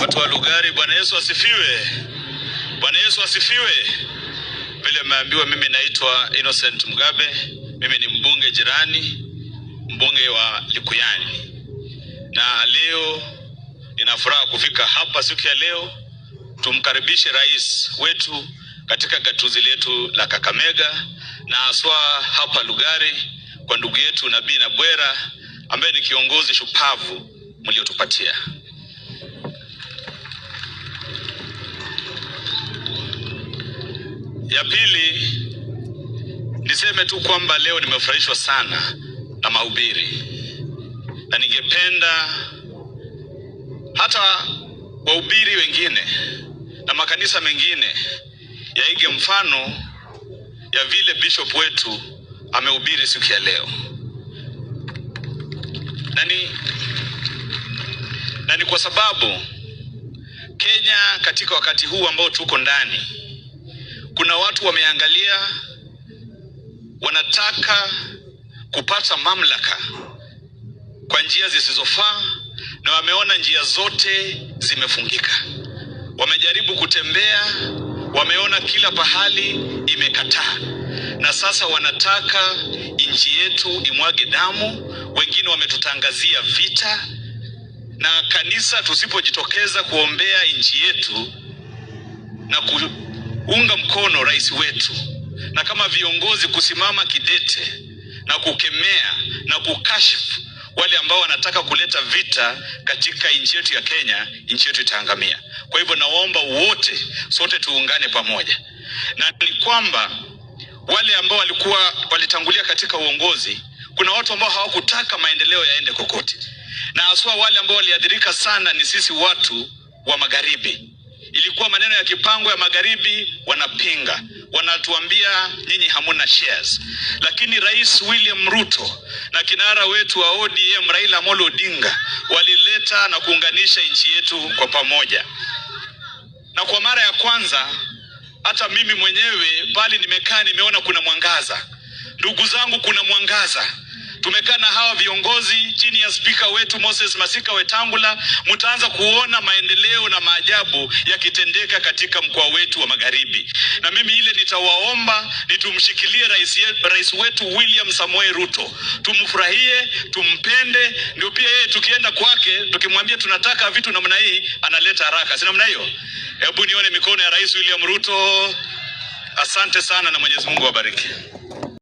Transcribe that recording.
Watu wa Lugari, Bwana Yesu asifiwe! Bwana Yesu asifiwe! Vile mmeambiwa, mimi naitwa Innocent Mugabe, mimi ni mbunge jirani, mbunge wa Likuyani, na leo nina furaha kufika hapa siku ya leo tumkaribishe rais wetu katika gatuzi letu la Kakamega na aswa hapa Lugari kwa ndugu yetu Nabii Nabwera ambaye ni kiongozi shupavu mliotupatia. Ya pili niseme tu kwamba leo nimefurahishwa sana na mahubiri, na ningependa hata wahubiri wengine na makanisa mengine yaige mfano ya vile bishop wetu amehubiri siku ya leo. Na ni, na ni kwa sababu Kenya katika wakati huu ambao tuko ndani watu wameangalia, wanataka kupata mamlaka kwa njia zisizofaa, na wameona njia zote zimefungika. Wamejaribu kutembea, wameona kila pahali imekataa, na sasa wanataka nchi yetu imwage damu. Wengine wametutangazia vita, na kanisa tusipojitokeza kuombea nchi yetu na ku kuunga mkono rais wetu na kama viongozi kusimama kidete na kukemea na kukashifu wale ambao wanataka kuleta vita katika nchi yetu ya Kenya, nchi yetu itaangamia. Kwa hivyo nawaomba wote, sote tuungane pamoja, na ni kwamba wale ambao walikuwa walitangulia katika uongozi, kuna watu ambao hawakutaka maendeleo yaende kokote, na haswa wale ambao waliathirika sana ni sisi watu wa magharibi ilikuwa maneno ya kipango ya magharibi, wanapinga, wanatuambia nyinyi hamuna shares. Lakini Rais William Ruto na kinara wetu wa ODM Raila Amolo Odinga walileta na kuunganisha nchi yetu kwa pamoja, na kwa mara ya kwanza hata mimi mwenyewe pale nimekaa nimeona kuna mwangaza, ndugu zangu, kuna mwangaza Tumekaa na hawa viongozi chini ya spika wetu Moses Masika Wetangula, mtaanza kuona maendeleo na maajabu yakitendeka katika mkoa wetu wa Magharibi. Na mimi ile nitawaomba nitumshikilie rais, rais wetu William Samoei Ruto, tumfurahie, tumpende, ndio pia yeye tukienda kwake tukimwambia tunataka vitu namna hii analeta haraka, si namna hiyo? Hebu nione mikono ya Rais William Ruto. Asante sana na Mwenyezi Mungu awabariki.